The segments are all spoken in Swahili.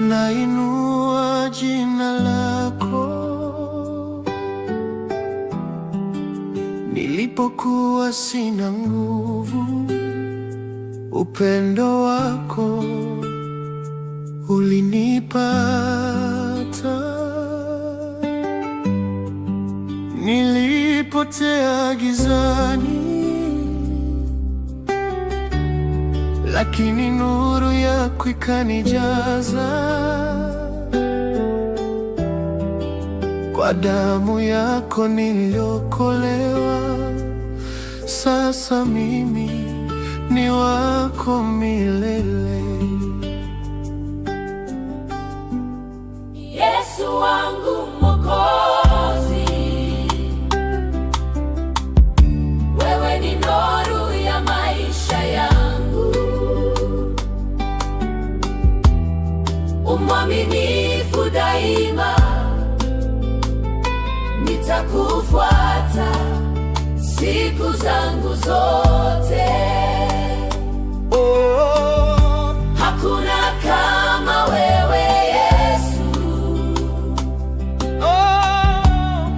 nainua jina lako. Nilipokuwa sina nguvu, upendo wako ulinipata. Nilipotea gizani lakini nuru yako ikanijaza kwa damu yako niliokolewa. Sasa mimi ni wako milele. mwaminifu daima, nitakufuata siku zangu zote. Oh, Hakuna kama wewe Yesu. Oh.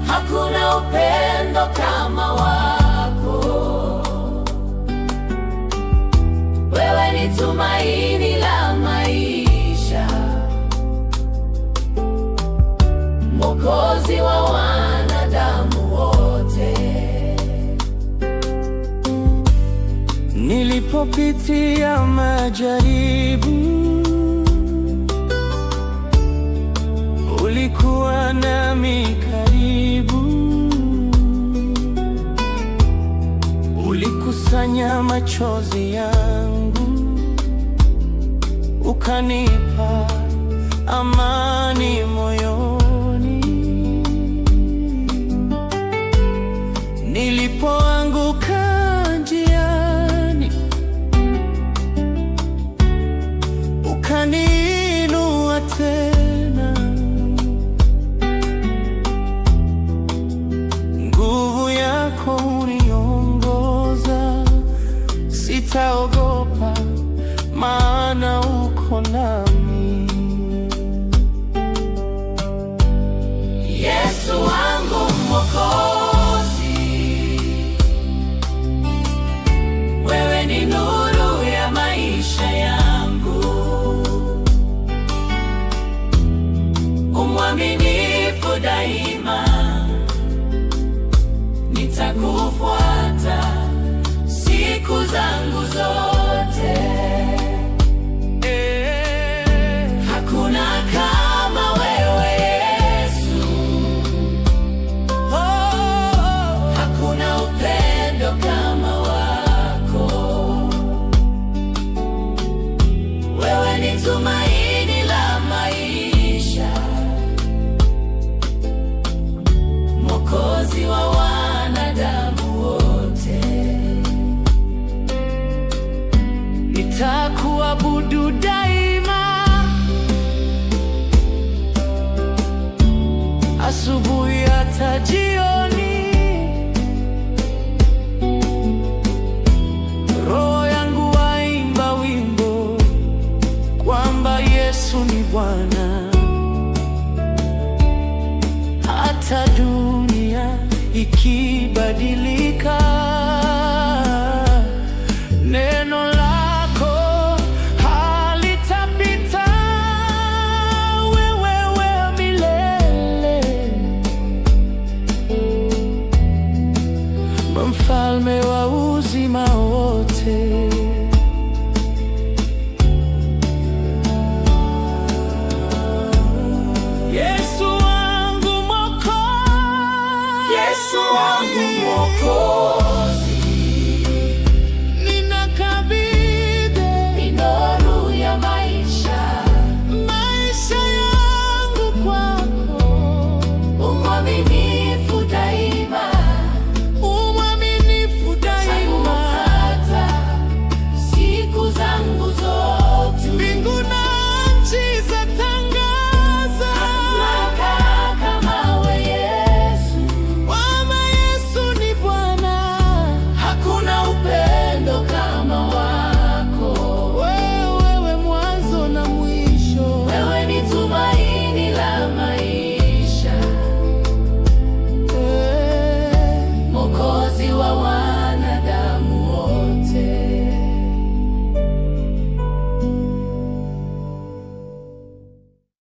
Hakuna upendo kama wako. Wewe ni tumaini mwokozi wa wanadamu wote. Nilipopitia majaribu, ulikuwa nami karibu, ulikusanya machozi yangu ukanipa amani moyo sitaogopa, maana uko nami. Yesu wangu Mwokozi, wewe ni nuru ya maisha yangu, umwaminifu daima, nitakufuata siku za ikibadilika Lord.